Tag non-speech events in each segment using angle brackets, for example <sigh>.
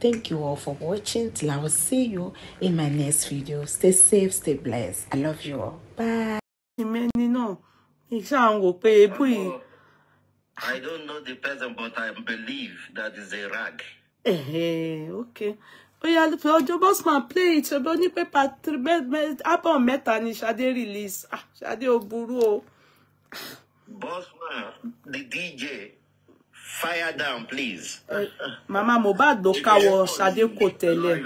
Thank you all for watching. Till I will see you in my next video. Stay safe, stay blessed. I love you all. Bye. I don't know the person, but I believe that is a rag. Eh, okay. Oya fi ọjọ́ Bosman play it ṣe bó ní pépà album mẹ́ta ni Ṣadé release. Ah, Ṣadé ò burú o. Bosman, the DJ, Fire down, please. Uh, Mama Mohbad doka káwọ́ Ṣadé kò tẹ́lẹ̀.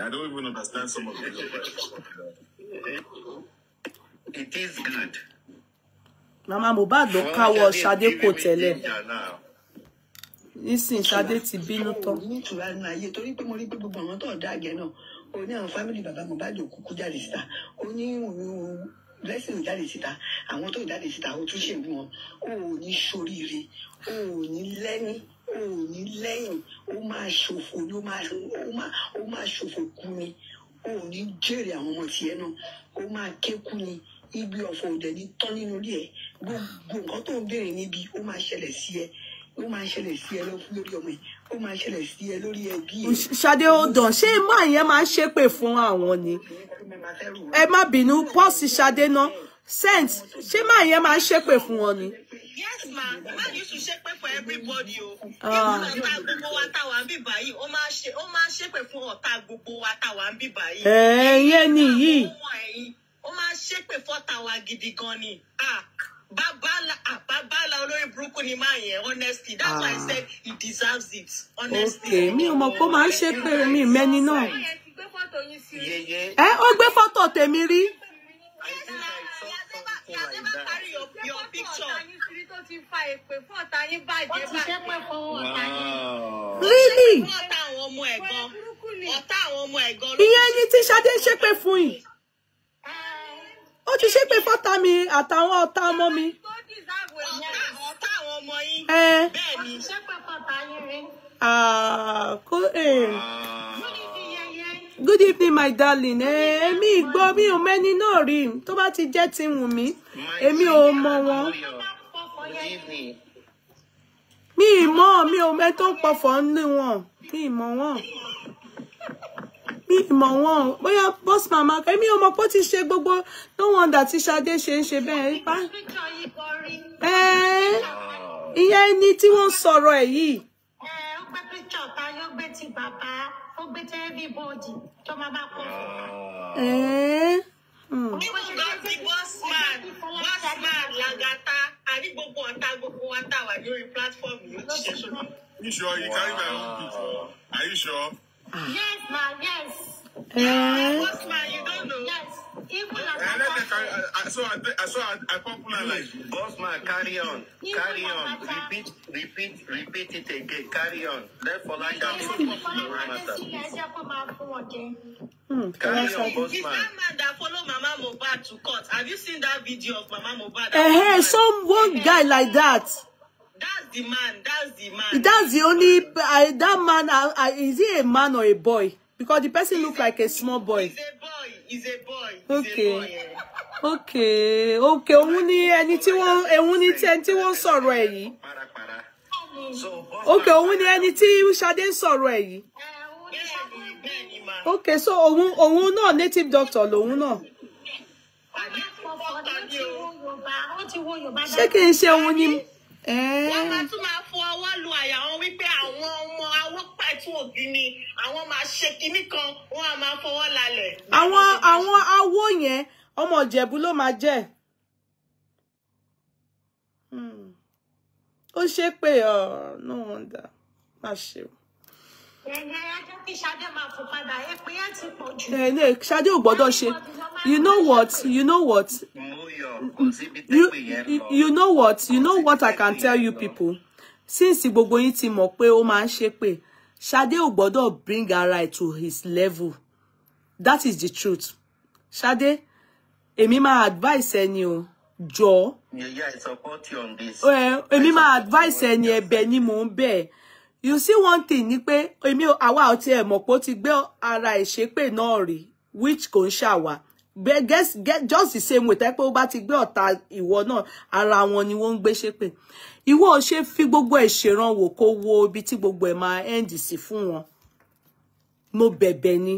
I don't even understand some of it. It is good. Mama Mohbad ló káwọ́ Ṣadé kò tẹ́lẹ̀. Nísìn Ṣadé ti bínú tán. Mo ní ìtura nínú ayé blessing jáde síta àwọn tó ń jáde síta ó tún ṣèlú wọn ó ò ní ṣoríire ó ò ní lẹ́ni ó ò ní lẹ́yìn ó máa ṣòfò ni ó máa ó máa ṣòfò kú ni ó ò ní jèrè àwọn ọmọ tiẹ̀ náà ó máa ké kú ni ibi ọ̀fọ̀ òdẹ ní tán nínú ilé ẹ̀ gbogbo nǹkan tó ń béèrè níbi ó máa ṣẹlẹ̀ sí ẹ ó máa ṣẹlẹ̀ sí ẹ lórí ọmọ ẹ ó máa ṣẹlẹ̀ sí ẹ lórí ẹbí ẹ. ṣadé ó dàn ṣé máa yẹn máa ṣépè fún àwọn ni ẹ má bínú bọ́ọ̀sì ṣadé ná scent ṣé máa yẹn máa ń ṣépè fún wọn ni. yes ma man used to ṣépè for everybody o even ah. ọ̀tá gbogbo wa táwa ń bì báyìí ó máa ṣépè fún ọ̀tá gbogbo wa táwa ń bì báyìí. ẹ yé ni yìí. ó máa ṣépè fọ́tà wa gidi gan ni babala babala olórí burúkú ni máa yẹn honestly that's why i ah. said he deserves it honestly. okay mi ò mọ̀ pé ó máa ń ṣépè mi mẹ́ni náà ẹ ó gbé fọ́tò tèmi rí. Really? Ìyẹn ni tí Ṣadé ń ṣépè fún yìí. Ó ti ṣépè fọ́tà mi àtàwọn ọ̀tá ọmọ mi. Ọ̀tá àwọn ọmọ yín. Bẹ́ẹ̀ ni. Ṣépè fọ́tà yín rí. Ah, Kó èè good evening my darling Emi, eh, ìgbọ́ mi ò mẹ́ni náà rí To ba ti jẹ́ ti wù mí èmi ò mọ̀ wọn mi ì mọ̀ mi ò mẹ́ tó ń pọ̀fọ̀ ní wọn mi ì mọ̀ mi ì mọ̀ wọn boss mama Emi o mọ̀ pé ó ti ṣe gbogbo no wonder tí Ṣadé ṣe ń ṣe bẹ́ẹ̀ pa eh, ìyẹn ni ti won sọ̀rọ̀ ẹ̀ yìí píkṣọ táyọ gbé ti bàbá ó gbé tẹ everybody tó máa bá pọ fún wa. Níbo gan ti Bossman, Bossman, Lagata, àní gbogbo ọ̀tá gbogbo wa tà wá lórí platform yìí ó ti ṣe sọ́nà. You sure you carry my own picture? Are Yes ma, yes. Uh, you don't know? Yes. Even eh, I popular like. Boss man, carry on. Carry on. Repeat. Repeat. Repeat it again. Carry on. Therefore, like I'm popular matter. Hmm. Carry on, boss man. That follow Mama Mohbad to court. Have you seen that video of Mama Mohbad? Eh, hey, eh, some one eh, guy like that. That's the man. That's the man. That's the only. Uh, that man. Uh, uh, is he a man or a boy? Because the person looks like a small boy. He's a boy he's a boy. He's okay. a boy. Yeah. Okay, okay, òun ni ẹni tí wọ́n òun ni ẹni tí wọ́n sọ̀rọ̀ Okay, òun ni ẹni tí Ṣadé ń Okay, so òun òun náà native doctor lòun náà. Ṣé kí n ṣe òun ni? Eh. Wọ́n máa tún máa fọ lu àyà wọn fún òbí mi àwọn máa ṣe kinní kan wọn á máa fọwọ́ lálẹ̀. àwọn àwọn awo yẹn ọmọ ìjẹ̀bú ló máa jẹ́ hmm. ó ṣe pé ọ no wonder má ṣe o. Ẹ ẹ eh, Ṣadé ò gbọ́dọ̀ ṣe. You know what? You know what? You, you, you know what? You know what I can tell you people? Since gbogbo yín ti mọ̀ pé ó máa ń ṣépè, Shade ò bring ara ẹ̀ to his level. That is the truth. Shade, èmi máa advice ẹni o, jọ̀ọ́. Yeah, yeah, I support you on this. Eh, èmi máa advice ẹni ẹ̀bẹ̀ ni mò ń You see one thing ni pé èmi àwa ò tiẹ̀ mọ̀ pé ó ti gbé ara ẹ̀ ṣépè náà rí which kò ń ṣàwà. Be guess get just the same way tẹ́ pé ó bá ti gbé ọ̀tá ìwọ náà ara wọn ni wọ́n ń gbé ṣépè ìwọ ò ṣe fi gbogbo ẹ̀ ṣèrànwọ́ kó wo ibi tí gbogbo ẹ̀ máa end sí fún wọn mo bẹ̀bẹ̀ ni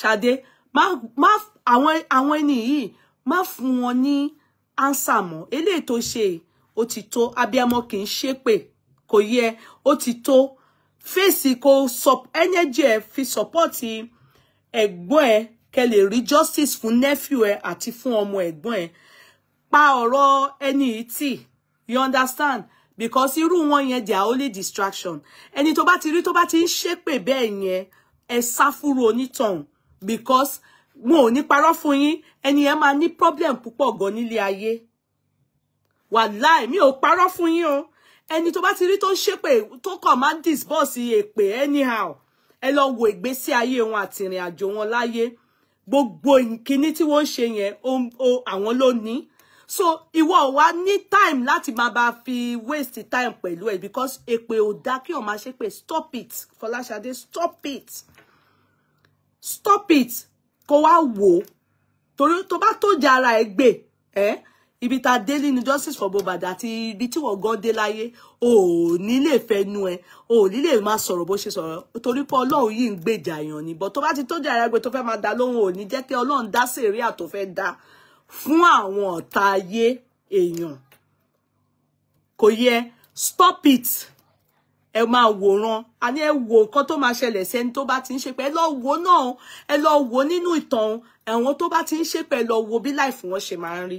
Ṣadé Ma ma. àwọn àwọn ẹni yìí má fún wọn ní ánsà mọ́ eléyìí tó ṣe ó ti tó abiyamọ kì í ṣépè kò yẹ ó ti tó fèsì kò sọ ẹnẹjì ẹ fi sọpọ́ọ̀tì ẹ̀gbọ́n ẹ̀ kẹ́ lè rí justice fún nephew ẹ ati fun ọmọ ẹ̀gbọ́n ẹ pa oro ẹni iti. you understand because irú wọn yẹn they are only distraction ẹni tó bá ti rí tó bá ti ń ṣépè bẹ́ẹ̀ yẹn ẹ sá because mo ni ní parọ́ fún yín ẹni yẹn máa problem pupo gan nílé ayé wàláì mi o parọ́ fún yín o ẹni tó bá ti rí tó ń ṣépè tó kàn boss ń disburse èpè anyhow ẹ lọ wo ìgbésí ayé wọn àti ìrìn àjò wọn láyé gbogbo ìkíní tí wọ́n ń ṣe yẹn àwọn ló ní so ìwọ wa ní time láti máa bá fi waste time pẹ̀lú ẹ̀ because èpè ò dá kí ọ̀ma ṣe pé stop it Fọláṣadé stop it stop it kó wá wò ó torí tó bá tó jẹ ara ẹ gbé ẹ. Eh? ibi ta a dé nínú justice for Boba àti ibi tí wọ́n gan dé láyé ò ní lè fẹnu ẹ ò ní lè máa sọ̀rọ̀ bó ṣe sọ̀rọ̀ torí pé Ọlọ́run yìí ń gbèjà èèyàn ni bọ tó bá ti tó jẹ àyàgbé tó fẹ́ máa da lóhùn ò ní jẹ́ kí Ọlọ́run dá sèríà tó fẹ́ dá fún àwọn ọ̀tá ayé èèyàn kò yẹ stop it ẹ máa wòran a ní ẹ wo nǹkan tó máa ṣẹlẹ̀ sẹ́ni tó bá ti ń ṣe pé ẹ lọ wo náà ẹ lọ wo nínú ìtàn àwọn tó bá ti ń ṣe pé ẹ lọ wo bí láìfù wọn ṣe máa ń rí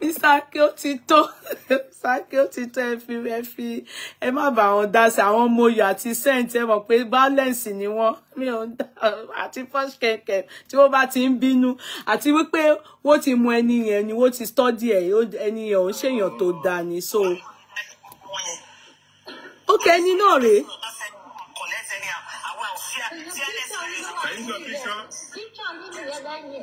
Mr. Akíótító Mr. Akíótító ẹ fi ẹ fi ẹ má bà wọn dá sí àwọn ọmọ oyè àti scent ẹ mọ̀ pé balance ni wọ́n mi ò ń dá àti first kẹ̀kẹ́ tí wọ́n bá ti ń bínú àti wípé wọ́n ti mú ẹni yẹn ni wọ́n ti study ẹ̀ ẹni yẹn ò ń ṣèyàn tó dáa ni so. ókè ẹni náà rèé. Thank you.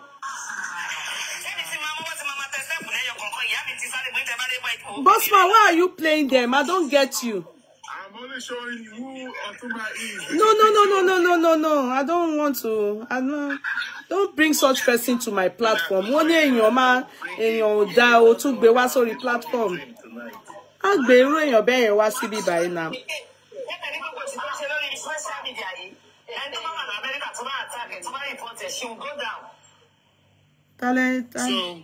Bossman, why are you playing them? I don't get you. I'm only showing you who Otumba is. No, no, no, no, no, no, no, no. I don't want to. I don't. Don't bring such person to my platform. One Wọ́n ní èèyàn máa èèyàn ò dáa o tún gbé wá sórí platform. Á gbé irú èèyàn bẹ́ẹ̀ yẹn wá síbí báyìí náà. Talent, talent. So,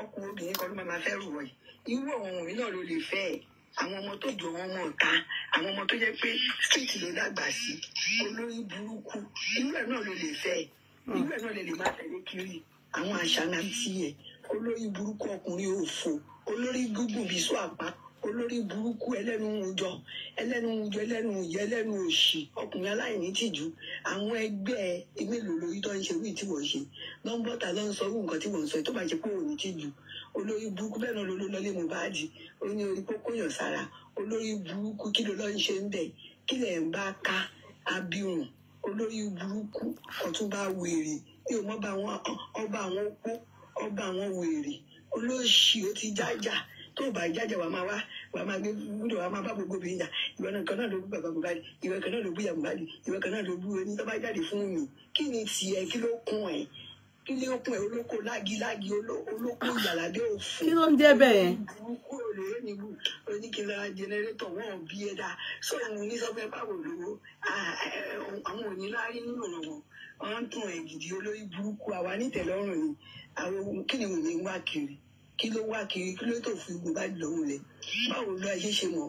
ọkùnrin obìnrin kan ló máa fẹ́ rù wọ̀nyí irú àwọn ọmọ mi náà ló lè fẹ́ ẹ̀ àwọn ọmọ tó jọ wọn mọ̀ ta àwọn ọmọ tó jẹ́ pé street ló dàgbà sí olórí burúkú irú ẹ̀ náà ló lè fẹ́ ẹ̀ hmm. irú ẹ̀ náà lè lè má tẹ̀lé kiri àwọn àṣà náà ti yẹ olórí burúkú ọkùnrin òfò olórí gúgùn bíi sọ àpáta olórí burúkú ẹlẹ́nu ìjọ ẹlẹ́nu ìjọ ẹlẹ́nu ìjọ ẹlẹ́nu òṣì ọkùnrin aláìní tìjú àwọn ẹgbẹ́ ẹgbẹ́ lòlórí tó ń ṣe wí tí wọ́n ṣe nọ́mbọ́tà ló ń sọ wí nǹkan tí wọ́n ń sọ tó bá jẹ́ pé òní tìjú olórí burúkú bẹ́ẹ̀ náà ló lọ́lé Mohbad ó ní orí kókó yàn sára olórí burúkú kí ló lọ́ ń ṣe ń bẹ̀ kí lẹ̀ ń bá ká abirùn olórí burúkú ọ̀túnba wèrè wèrè olóṣì ó ti jájà tó bá jájà wà máa wá wà máa gbé wúdò wà máa bá gbogbo obìnrin jà ìwọ kan náà ló bú bàbá Mohbad ìwọ kan náà ló bú ìyá Mohbad ìwọ kan náà ló bú ẹni tó bá jáde fún mi kí ni tiẹ̀ kí ló kún ẹ̀ kí ló kún ẹ̀ olóko lágilági olóko ìyàládé òfin. kí ló ń débẹ̀ yẹn. burúkú olóyè ni wù oníkìlá jẹnẹrétọ̀ wọn bí ẹ dá so òun ní sọfẹ báwo lówó àwọn òní láàrí nínú ọ̀rọ̀ wọn ń tún ẹ̀ gidi olórí burúkú àwa nítẹ̀lọ́rùn ni àwọn kí ni òun ní wá kiri kí ló wá kiri kí ló tó fi gbogbo bá lòun lẹ báwo ló ṣe ṣe mọ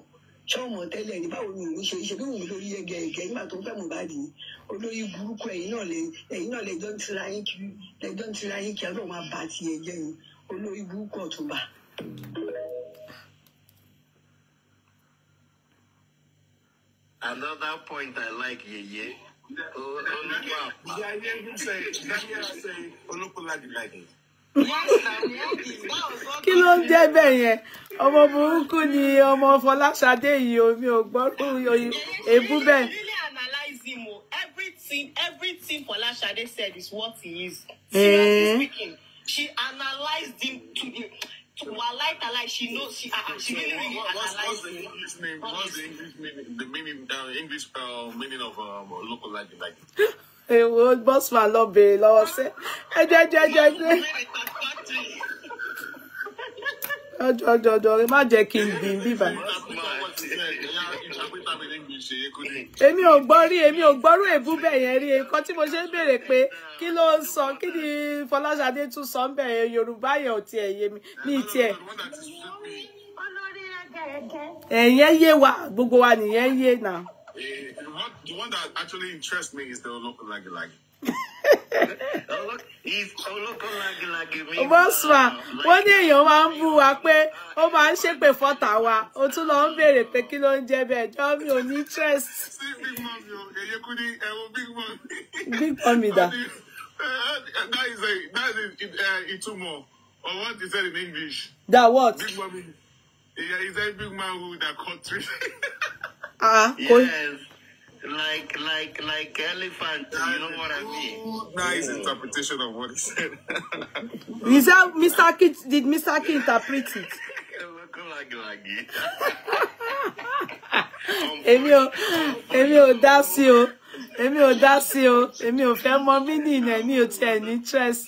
ṣọmọ tẹ́lẹ̀ ní báwo ni òun ṣe ṣe bí òun lórí ẹgẹ ẹgẹ nígbà tó ń fẹ́ Mohbad ní olórí burúkú ẹ̀yin náà lẹ ẹ̀yin náà lẹjọ ń tira yín kiri lẹjọ ń tira yín kiri Ọlọ́run máa bá tiẹ̀ jẹ́ ni olórí burúkú Ọ̀túnba. Another point I like, Yeye. Olúwa. Yeye ń sẹ́yìn, Yeye ń sẹ́yìn, olókùnrin láti kí ló ń jẹ́ bẹ́ẹ̀ yẹn ọmọ burúkú ni ọmọ Fọláṣadé yìí omi ò gbọ́rú èébú bẹ́ẹ̀. Everything, everything Fọláṣadé said is what he is. Eh. Seriously eh. speaking, she analyzed him to him. Walai Talai, she knows she, uh, she really, really what, what's, what's the English name? What's the English meaning? The meaning, uh, English uh, meaning of um, local like like wo bọ́sùmá lọ bèèrè lọ́wọ́ sí ẹ jẹ́ jẹ́ jẹ́ jẹ́ ọjọ́ ọjọ́ ọjọ́ rẹ má jẹ́ kí n gbìn bíbá. èmi ò gbọ́ rí èmi ò gbọ́rú èébú bẹ́ẹ̀ yẹn rí nǹkan tí mo ṣe ń béèrè pé kí ló ń sọ kí ni Fọláṣadé tún sọ ń bẹ̀ Yorùbá yẹn ò tiẹ̀ yé mi ní tiẹ̀ wa gbogbo wa nìyẹn yé náà. Yeah, what, the one that actually interests me is the local lagi lagi. bọ́sùà <laughs> ah, wọ́n ní èèyàn máa ń bú wa pé ó máa ń ṣépè fọ́tà wa ó tún lọ ń béèrè pé kí ló ń jẹ bẹ́ẹ̀ jọ mi ò ní stress. big mommy da. Eh, eh, that is a that is a uh, eh, ìtumọ̀ or what is that? in English. that what. big mommy yeah, is a big man who da cut tree. <laughs> Ah, yes. Cool. Like, like, like elephant. You know what I mean? Nice interpretation of what he said. <laughs> Is that Mr. K, did Mr. K interpret it? <laughs> Èmi ò, èmi ò dá sí o. Èmi ò dá o. ni èmi ò tiẹ̀ ní interest.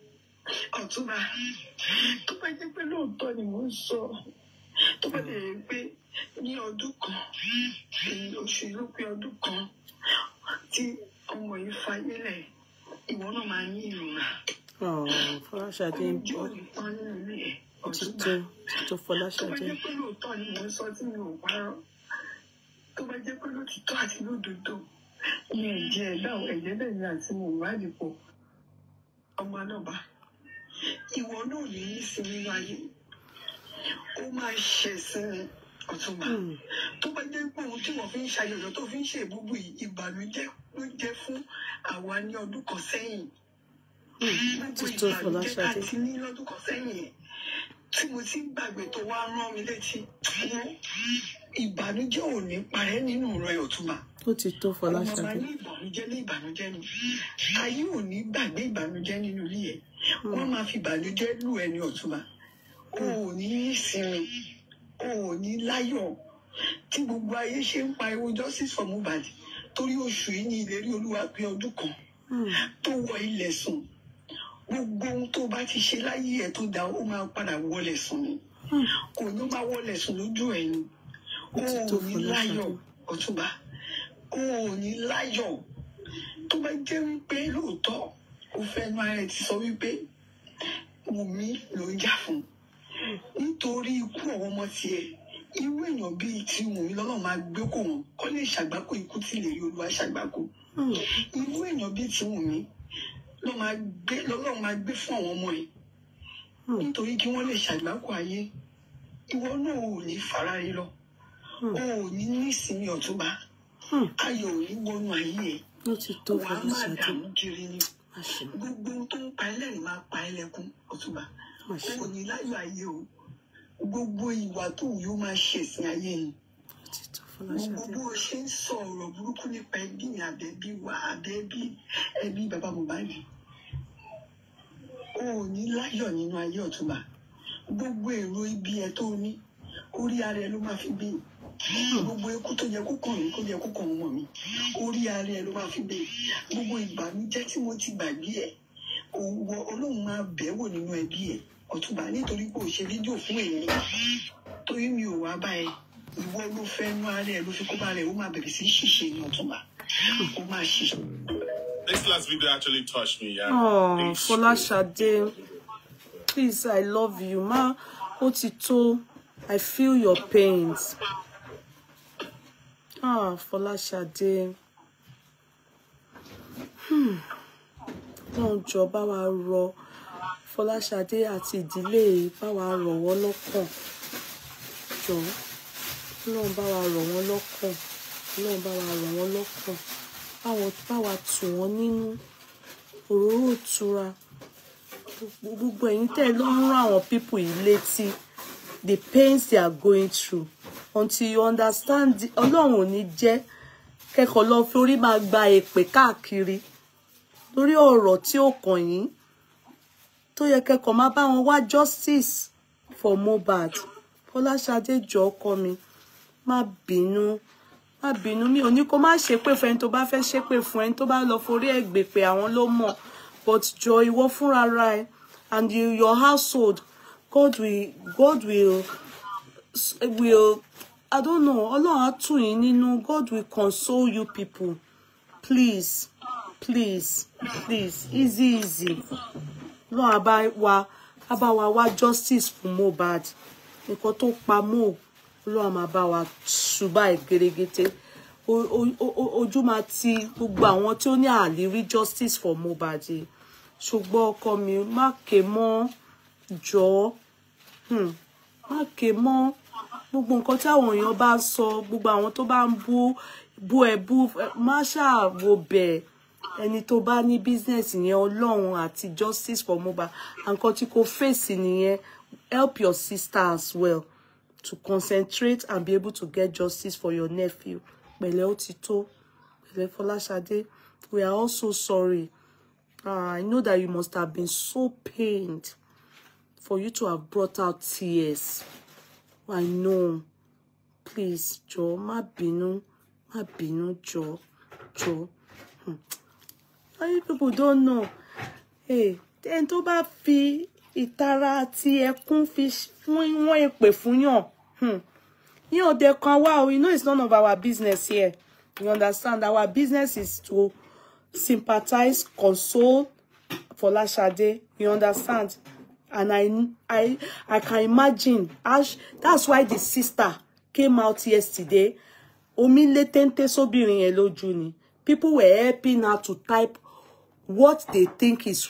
ọ̀túnba tó bá jẹ́ pé lóòótọ́ ni mò ń sọ tó bá lè rí pé ní ọdún kan oṣù ló pé ọdún kan tí ọmọ yìí fayé lẹ̀ ìwọ náà máa ní ìrora. Oh, Fọláṣadé ń bọ̀ títọ́ títọ́ Fọláṣadé. Tó bá jẹ́ pé lóòótọ́ ni mò ń sọ tí mi ò parọ́ tó bá jẹ́ pé lótìtọ́ àti lódodo ni ẹ̀jẹ̀ ẹ̀dá ẹ̀jẹ̀ bẹ́ẹ̀ ni àti mo wádìí pọ̀ ọmọ náà bá ìwọ náà ní í sin nínú ayé ó máa ṣẹ̀sìn ọ̀túnba hmm. tó bá jẹ́ pé ohun tí wọ́n fi ń ṣayọ̀yọ̀ tó fi ń ṣe ìbúbù yìí ìbànújẹ́ ló jẹ́ fún àwa ní ọdún kan sẹ́yìn hmm. gbogbo ìbànújẹ́ tá a ti ní lọ́dún kan sẹ́yìn yẹn tí mo ti ń gbàgbé tó wá rán mi létí ìbànújẹ́ ò ní parẹ́ nínú rẹ̀ ọ̀túnba ó ti tó Fọláṣadé. ọmọ ní ìbànújẹ́ ní ìbànújẹ́ ni ayé ò ní gbàgbé ìbànújẹ́ nínú ilé ẹ̀ hmm. wọ́n máa fi ìbànújẹ́ lù ẹni ọ̀túnba o hmm. ò ní sinmi o ò ní láyọ̀ tí gbogbo ayé ṣe ń pa ewu justice for torí oṣù yìí ní ìlérí olúwa pé ọdún kan hmm. tó wọ ilẹ̀ sùn gbogbo ohun tó bá ti ṣe láyé ẹ̀ tó dáa ó máa padà wọlé sùn ni kò ní máa wọlé sùn lójú ẹ̀ ni o ò ní láyọ̀ ọ̀túnba o ò ní láyọ̀ tó bá jẹ́ wípé lóòótọ́ o fẹ́ nu ara ẹ̀ ti sọ wípé Wùmí ló ń jà fún nítorí ikú àwọn ọmọ tiẹ̀ irú èèyàn bíi ti Wùmí lọ́nà máa gbé kò wọ́n kọ́ lè ṣàgbákò ikú tí lè rí olúwa ṣàgbákò hmm. irú èèyàn bíi ti Wùmí lọ́nà máa gbé fún àwọn ọmọ ẹ̀ hmm. nítorí kí wọ́n lè ṣàgbákò ayé ìwọ náà ò ní fara rí lọ hmm. o ò ní ní ìsinmi ọ̀túnba. Hmm. ayọ̀ yìí wọnú ayé ẹ̀ wàá má dààmú kiri ni gbogbo ohun tó ń pa ẹ́ lẹ́rìn máa pa ẹ́ lẹ́kún kò ní láyọ̀ ayé o gbogbo ìwà tó wù yóò máa ṣèsìn ayé ni gbogbo bó ṣe ń sọ ọ̀rọ̀ burúkú nípa ẹbí mi àbẹ́bí wa àbẹ́bí ẹbí bàbá Mohbad o ò ní láyọ̀ nínú ayé ọ̀túnba gbogbo èrò ibi ẹ̀ tó ní orí ara ẹ ló máa fi gbé yìí gbogbo ikú tó yẹ kó kàn mí tó yẹ kó kàn ọmọ mi orí ara ẹ ló máa fi bẹ́ẹ̀ gbogbo ìgbà mi jẹ́ tí mo ti gbàgbé ẹ̀ òwò ọlọ́run máa bẹ̀wò nínú ẹbí ẹ̀ ọ̀túnba nítorí pé ò ṣe fídíò fún èmi torí mi ò wá bá ẹ ìwọ ló fẹ́ nú ara ẹ ló fi kó bá rẹ ó máa bẹ̀rẹ̀ sí ṣìṣe ní ọ̀túnba ó máa ṣìṣe. This last video actually touched me. Yeah. Oh, Folashade, please, I love you, ma. Ó ti tó, I feel your pains ah Fọláṣadé hmm. náà jọ bá wa rọ Fọláṣadé àti ìdílé bá wa rọ̀ wọ́n lọ́kàn jọ náà bá wa rọ̀ wọ́n lọ́kàn náà bá wa rọ̀ wọ́n lọ́kàn bá wa tù wọ́n nínú òróró ìtura gbogbo ẹ̀yin tẹ́ ló ń rán àwọn pípù yìí létí the pains they are going through until you understand ọlọ́run ò ní jẹ́ kẹ́kọ̀ọ́ lọ fi orí máa gba èpè káàkiri lórí ọ̀rọ̀ tí ó kàn yín tó yẹ kẹ́kọ̀ọ́ máa bá wọn wá justice for Mohbad Fọláṣadé jọ̀ọ́ ọkọ mi má bínú má bínú mi ò ní kó má ṣépè fún ẹni tó bá fẹ́ ṣépè fún ẹni tó bá lọ forí ẹ̀ gbèpè àwọn ló mọ̀ but jọ ìwọ fúnra ra ẹ and you, your household God will God will will I don't know ọlọ́run á tù yín nínú God will console you people please please please easy easy Lo abá wa abá wa wá justice fún Mohbad nǹkan tó pa mo ọlọ́run máa bá wa o o ojú máa ti gbogbo àwọn tí o ní àlérí justice for Mohbad ṣùgbọ́n ọkọ mi má ké mọ́ jọ̀ọ́ hmm. má ké mọ́ gbogbo nǹkan tí àwọn èèyàn bá sọ gbogbo àwọn tó bá ń bú bú ẹ bú má ṣàwò bẹ ẹni tó bá ní bísínẹsì yẹn Ọlọ́run àti justice for Mohbad nǹkan tí kò fèsì nìyẹn help your sister as well to concentrate and be able to get justice for your nephew pẹ̀lẹ́ ó ti tó pẹ̀lẹ́ Fọláṣadé we are also sorry uh, I know that you must have been so pained for you to have brought out tears. I know. Please, Joe. má bínú, má bínú, Joe. Joe. Hmm. people don't know. Hey, ẹni tó bá fi ìtara àti ẹkún fi fún wọn èpè fún yàn. Hmm. Yín ò kan wá you know it's none of our business here. You understand? Our business is to sympathize, console for Fọláṣadé. You understand? And I, I, I can imagine. Ash, that's why the sister came out yesterday. Omi le tente sobirin yẹn lójú ni. People were helping her to type what they think is.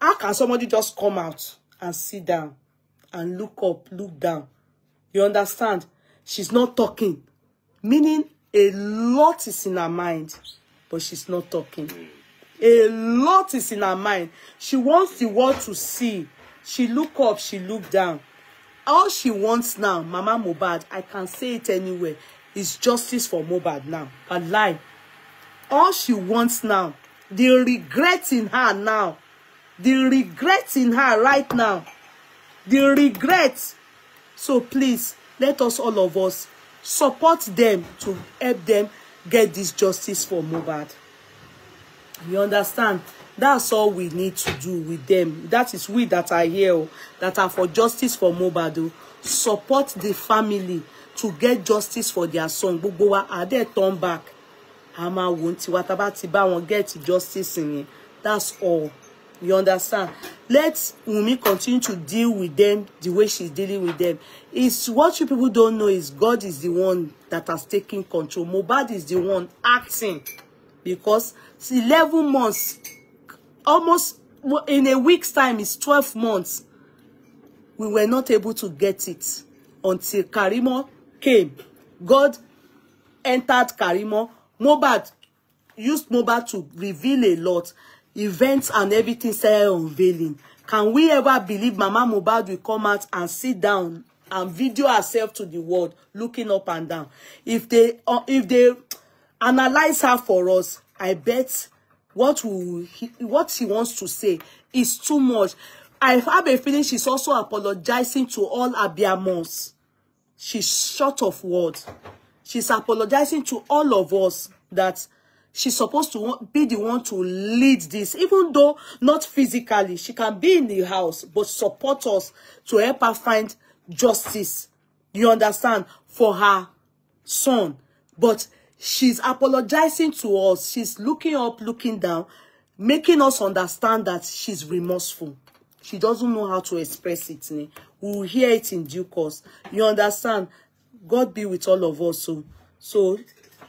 How can somebody just come out and sit down and look up, look down? You understand? She's not talking. Meaning a lot is in her mind, but she's not talking. A lot is in her mind. She wants the world to see She look up, she look down. All she wants now, Mama Mohbad, I can say it anywhere, is justice for Mohbad now. A lie. All she wants now, the regret in her now, the regret in her right now, the regret. So please, let us all of us support them to help them get this justice for Mohbad. You understand? That's all we need to do with them. That is we that are here, oh, that are for justice for Mobadu. Oh. Support the family to get justice for their son. Gbogbo wa are they turn back. A máa wò tiwa tá bá ti get justice in it? That's all. You understand? Let Umi continue to deal with them the way she's dealing with them. It's what you people don't know is God is the one that has taken control. Mohbad is the one acting because it's 11 months almost in a week's time, it's 12 months. We were not able to get it until Karimo came. God entered Karimo. Mohbad used Mohbad to reveal a lot. Events and everything started unveiling. Can we ever believe Mama Mohbad will come out and sit down and video herself to the world, looking up and down? If they, uh, if they analyze her for us, I bet what will he, what he wants to say is too much. I have a feeling she's also apologizing to all Abiyamos. She's short of words. She's apologizing to all of us that she's supposed to be the one to lead this, even though not physically. She can be in the house, but support us to help her find justice. You understand? For her son. But She's apologizing to us. She's looking up, looking down, making us understand that she's remorseful. She doesn't know how to express it. We will hear it in due course. You understand? God be with all of us. So, so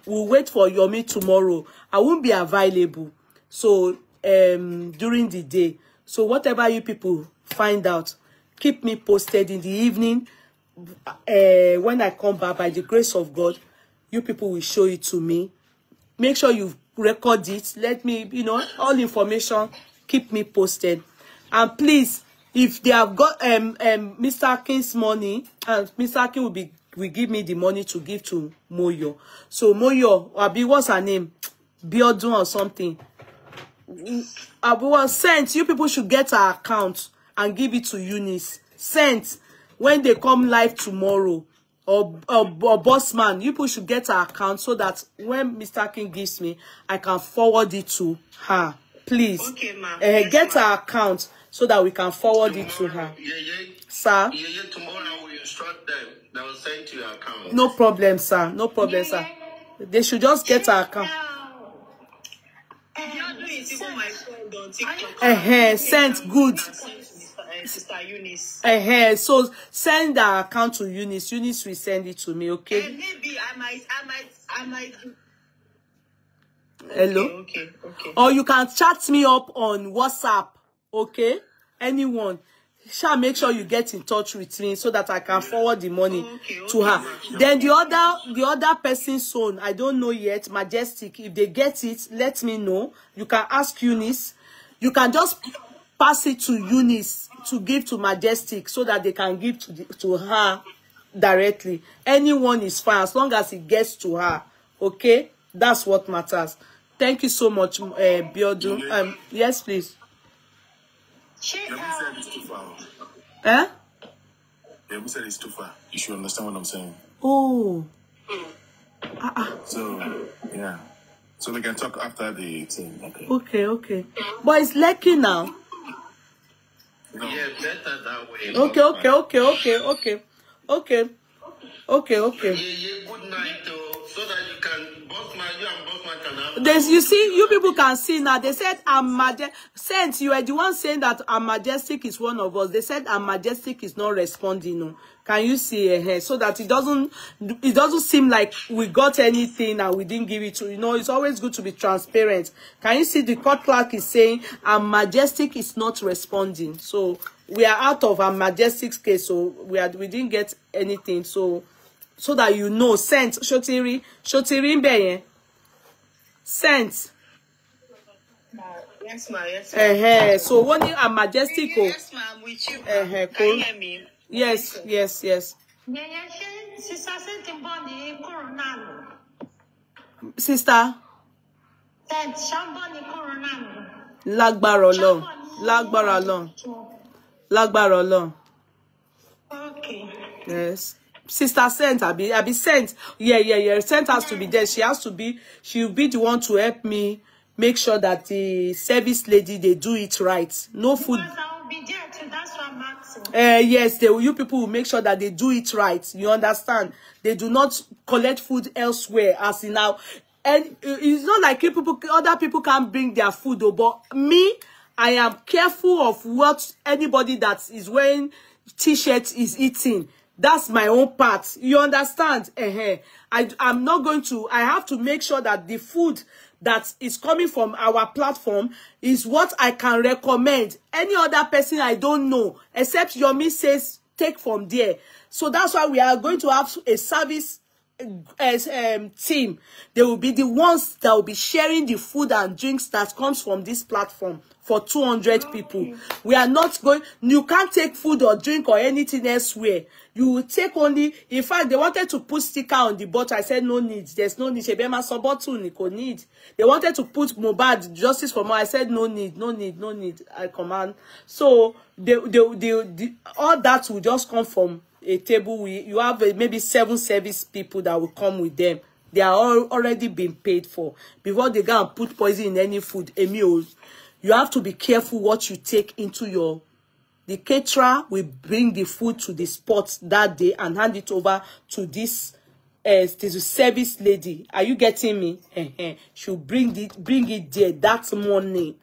we'll wait for Yomi tomorrow. I won't be available. So, um, during the day. So, whatever you people find out, keep me posted in the evening. Uh, when I come back, by the grace of God, You people will show it to me. Make sure you record it. Let me, you know, all information. Keep me posted. And please, if they have got um, um, Mr. King's money, and Mr. King will be will give me the money to give to Moyo. So Moyo, Abi, what's her name? Biodun or something. Abi was sent. You people should get her account and give it to Eunice. Sent when they come live tomorrow or, a or boss man, you people should get her account so that when Mr. King gives me, I can forward it to her. Please, okay, ma'am. Uh, yes, get ma her account so that we can forward tomorrow, it to her. Yeah, yeah. Sir? Yeah, yeah, tomorrow we instruct them. They will send to your account. No problem, sir. No problem, yeah, sir. They should just get yeah, her account. No. Uh, uh, sent good uh, Sister Eunice. Uh -huh. So send the account to Eunice. Eunice will send it to me, okay? Uh, maybe I might, I might, I might. Hello? Okay, okay, okay. Or you can chat me up on WhatsApp, okay? Anyone. Shall make sure you get in touch with me so that I can forward the money okay, okay, to her. Okay. Then the other the other person's son, I don't know yet, Majestic. If they get it, let me know. You can ask Eunice. You can just pass it to Eunice to give to Majestic so that they can give to, the, to her directly. Anyone is fine as long as it gets to her. Okay? That's what matters. Thank you so much, uh, eh, Biodun. Um, yes, please. Huh? Yeah, we said it's eh? too far. You should understand what I'm saying. Oh. Uh -uh. So, yeah. So we can talk after the thing. Okay, okay. okay. But it's lucky now. Yeah, better that way. Okay, okay, okay, okay, okay, okay, okay, okay. Yeah, yeah, good night, though. There's, you see, you people can see now. They said, I'm majestic. Since you are the one saying that I'm majestic is one of us. They said, I'm majestic is not responding. Can you see uh, so that it doesn't it doesn't seem like we got anything and we didn't give it to you know it's always good to be transparent. Can you see the court clerk is saying I'm majestic is not responding. So we are out of our majestic" case, so we are we didn't get anything. So so that you know, sent Shotiri, Shotiri ń bẹ̀ sent. yes, ma'am. yes, ma. Uh -huh. So wọ́n ní a majestic o. Yes, ma'am. I'm with you. Uh -huh. Can you hear me? Yes, okay. yes, yes. Yẹ̀yẹ̀ ṣé sísá ṣe ti bọ̀ ní kòrónà lò? Sísá. Ted, ṣọ́nbọ̀ ní kòrónà Okay. Yes sister sent be, abi be sent yeah yeah yeah sent has to be there she has to be she'll be the one to help me make sure that the service lady they do it right no food uh, yes, they you people will make sure that they do it right. You understand? They do not collect food elsewhere, as in now. And it's not like you people, other people can bring their food, though, but me, I am careful of what anybody that is wearing t-shirt is eating. That's my own part. You understand? Uh -huh. I, I'm not going to, I have to make sure that the food that is coming from our platform is what I can recommend. Any other person I don't know, except Yomi says, take from there. So that's why we are going to have a service as, um, team, they will be the ones that will be sharing the food and drinks that comes from this platform for 200 people. We are not going, you can't take food or drink or anything elsewhere. You will take only, in fact, they wanted to put sticker on the bottle. I said, no need, there's no need. Shebema Sobotu, Niko, need. They wanted to put Mobad, Justice for More. I said, no need, no need, no need. I command. So, they, they, they, they, all that will just come from a table We you have a, maybe seven service people that will come with them they are all already been paid for before they go and put poison in any food a meal oh, you have to be careful what you take into your the caterer will bring the food to the spot that day and hand it over to this uh, eh, this service lady are you getting me she'll bring it bring it there that morning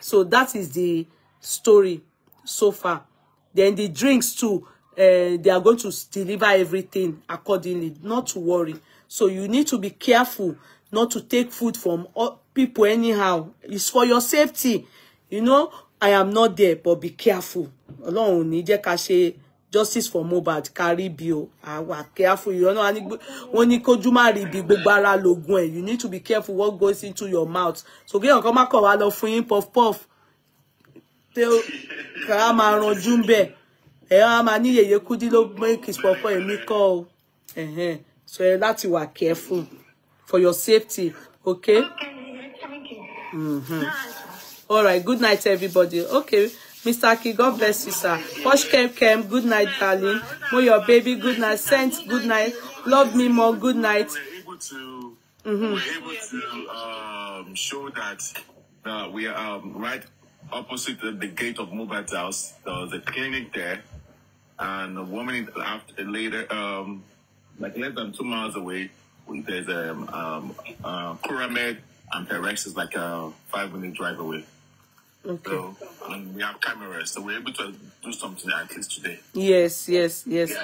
so that is the story so far then the drinks too Eh, they are going to deliver everything accordingly. Not to worry. So you need to be careful not to take food from people anyhow. It's for your safety. You know, I am not there, but be careful. Ọlọ́run ò ní jẹ́ justice for Mohbad kárí bí o. Àwa careful. You know, wọ́n ní kójú má rí ibi gbogbo ara You need to be careful what goes into your mouth. So get on come kọ̀ wá lọ puff puff. Ká máa ranjú ń ẹ á máa ní yèyé kúdí ló make his pọpọ èmi kọ́ o so ẹ láti wà careful for your safety okay. Mm-hmm. All right, good night, everybody. Okay, Mr. Aki, God bless you, sir. Wash, Kem Kem, good night, darling. Mo your baby, good night. Saint, good night. Love me more, good night. Mm-hmm. We're able to um, show that uh, we are um, right opposite the, the gate of Mubat's house, the, the clinic there. and one woman after later, um, like less than two miles away, there's a um, um uh, Kuramed and Perex is like a five minute drive away. Okay. So and we have cameras, so we're able to do something at least today. Yes, yes, yes. Yeah.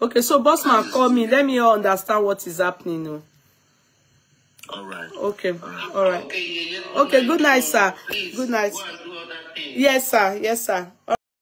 Okay, so bossman, call me. Let me understand what is happening. Now. All right. Okay. All right. Okay, Good night, sir. good night. Yes, sir. Yes, sir.